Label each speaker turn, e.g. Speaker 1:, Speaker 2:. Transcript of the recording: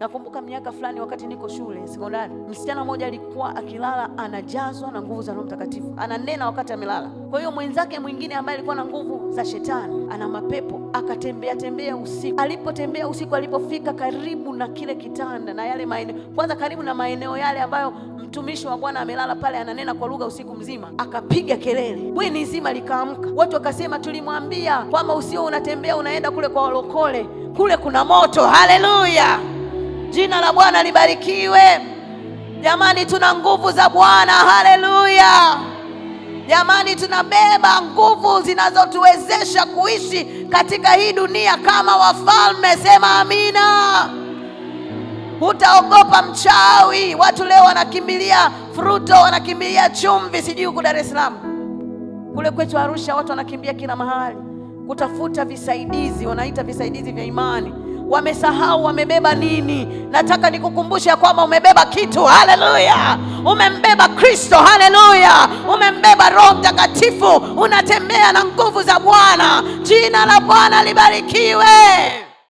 Speaker 1: Nakumbuka miaka fulani wakati niko shule sekondari, msichana mmoja alikuwa akilala anajazwa na nguvu za Roho Mtakatifu, ananena wakati amelala. Kwa hiyo mwenzake mwingine ambaye alikuwa na nguvu za shetani, ana mapepo, akatembea tembea usiku. Alipotembea usiku, alipofika karibu na kile kitanda na yale maeneo, kwanza karibu na maeneo yale ambayo mtumishi wa Bwana amelala pale, ananena kwa lugha usiku mzima, akapiga kelele, bweni zima likaamka. Watu wakasema, tulimwambia kwamba usio unatembea unaenda kule kwa walokole, kule kuna moto. Haleluya! Jina la Bwana libarikiwe. Jamani, tuna nguvu za Bwana. Haleluya! Jamani, tunabeba nguvu zinazotuwezesha kuishi katika hii dunia kama wafalme. Sema amina. Hutaogopa mchawi. Watu leo wanakimbilia fruto, wanakimbilia chumvi, sijui huku Dar es Salaam, kule kwetu Arusha watu wanakimbia kila mahali kutafuta visaidizi, wanaita visaidizi vya imani wamesahau wamebeba nini. Nataka nikukumbushe ya kwamba umebeba kitu. Haleluya, umembeba Kristo. Haleluya, umembeba Roho Mtakatifu. Unatembea na nguvu za Bwana. Jina la Bwana libarikiwe.